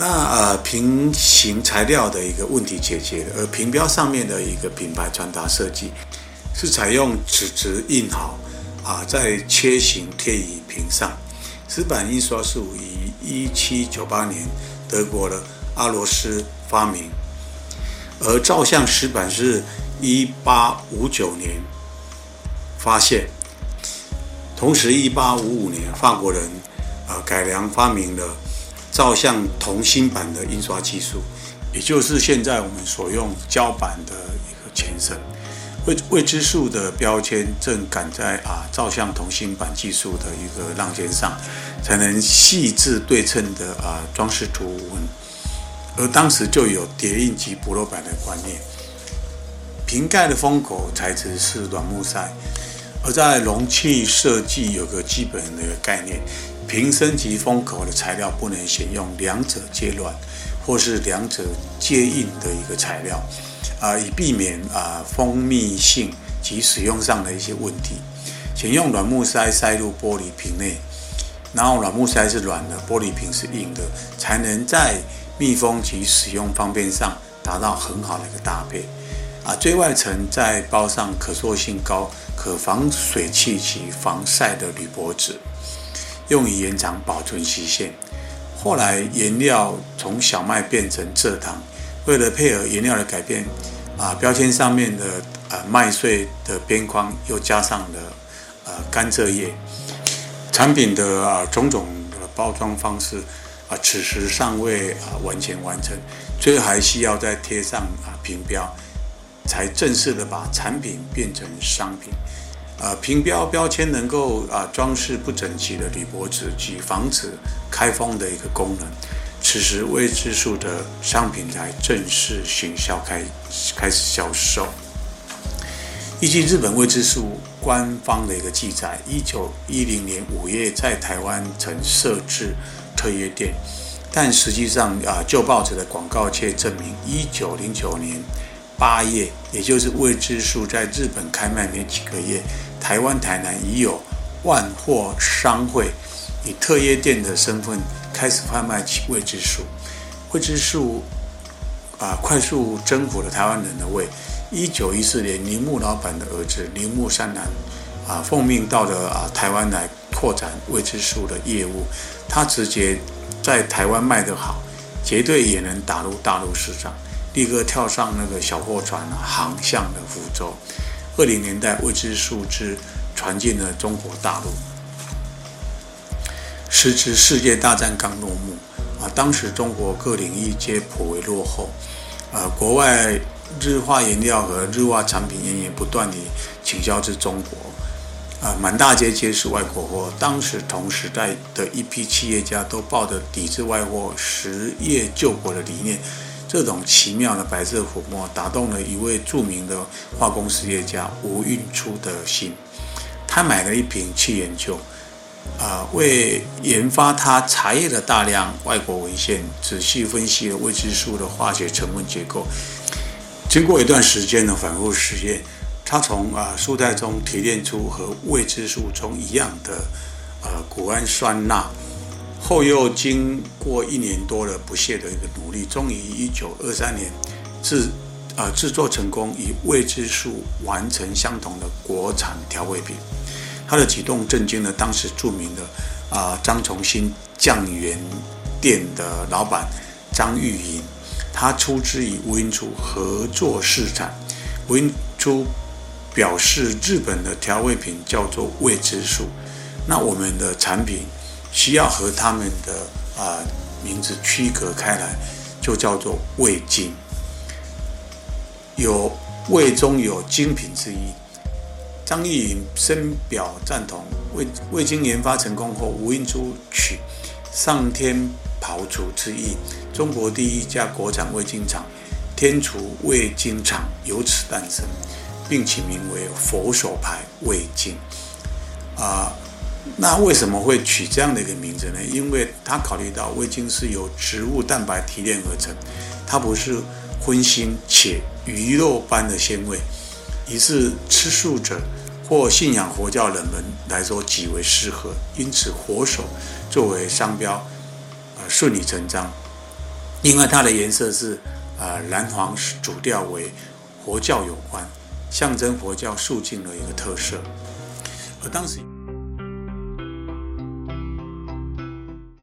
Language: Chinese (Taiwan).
那呃，瓶形材料的一個問題解決，而瓶標上面的一個品牌傳達設計是採用紙質印好啊，再、呃、切形貼於瓶上。石版印刷術於一七九八年德國的阿羅斯發明，而照相石版是一八五九年發現，同時一八五五年法國人啊、呃、改良發明了。照相銅鋅版的印刷技術，也就是現在我們所用膠版的一個前身。未未知數的標籤正趕在啊照相銅鋅版技術的一個浪尖上，才能細緻對稱的啊裝飾圖文。而當時就有疊印及補漏版的觀念。瓶蓋的封口材質是軟木塞，而在容器設計有個基本的概念。瓶身及封口的材料不能選用兩者皆軟，或是兩者皆硬的一個材料，啊，以避免啊，封密性及使用上的一些問題。選用軟木塞塞入玻璃瓶內，然後軟木塞是軟的，玻璃瓶是硬的，才能在密封及使用方便上達到很好的一個搭配。啊，最外層再包上可塑性高、可防水氣及防曬的鋁箔紙。用以延長保存期限。後來原料從小麥變成蔗糖，為了配合原料的改變，啊，標籤上面的啊麥穗的邊框又加上了啊甘蔗葉。產品的啊種種的包裝方式啊，此時尚未啊完全完成，最後還需要再貼上啊品標，才正式的把產品變成商品。呃，瓶標標籤能夠啊、呃、裝飾不整齊的鋁箔紙及防止開封的一個功能。此時味之素的商品才正式行銷開開始銷售。依據日本味之素官方的一個記載，一九一零年五月在台灣曾設置特約店，但實際上啊、呃、舊報紙的廣告卻證明一九零九年。八月，也就是味之素在日本開賣沒幾個月，台灣台南已有萬貨商會以特約店的身份開始販賣起味之素。味之素啊，快速征服了台灣人的胃。一九一四年，鈴木老板的兒子鈴木三郎啊，奉命到了啊台灣來擴展味之素的業務。他直接在台灣賣得好，絕對也能打入大陸市場。一個跳上那個小貨船，航向了福州。二零年代，未知數只傳進了中國大陸。時值世界大戰剛落幕，啊，當時中國各領域皆頗為落後，啊，國外日化原料和日化產品也不斷的傾銷至中國，啊，滿大街皆是外國貨。當時同時代的一批企業家都抱着抵制外貨、實業救國的理念。這種奇妙的白色粉末打動了一位著名的化工實業家吳蘊初的心，他買了一瓶去研究，啊、呃，為研發他查閱了大量外國文獻，仔細分析了未知數的化學成分結構。經過一段時間的反復實驗，他從啊、呃、樹袋中提煉出和未知數中一樣的啊穀氨酸鈉。後又經過一年多的不懈的一個努力，終於一九二三年製啊、呃、製作成功，以味之素完成相同的國產調味品。他的舉動震驚了當時著名的啊、呃、張崇新醬園店的老闆張玉銀，他出資與吳蘊初合作試產。吳蘊初表示，日本的調味品叫做味之素，那我們的產品。需要和他們的啊、呃、名字區隔開來，就叫做味精。有味中有精品之一，張逸雲深表贊同。味味精研發成功後，吳蘊初取上天庖廚之意，中國第一家國產味精廠——天廚味精廠由此誕生，並起名為“佛手牌味精”呃。啊。那為什麼會取這樣的一個名字呢？因為他考慮到味精是由植物蛋白提煉而成，它不是葷腥且魚肉般的鮮味，以是吃素者或信仰佛教人們來說極為適合。因此，佛手作為商標，呃，順理成章。另外，它的顏色是啊藍黃主調，為佛教有關，象徵佛教素淨的一個特色。而當時。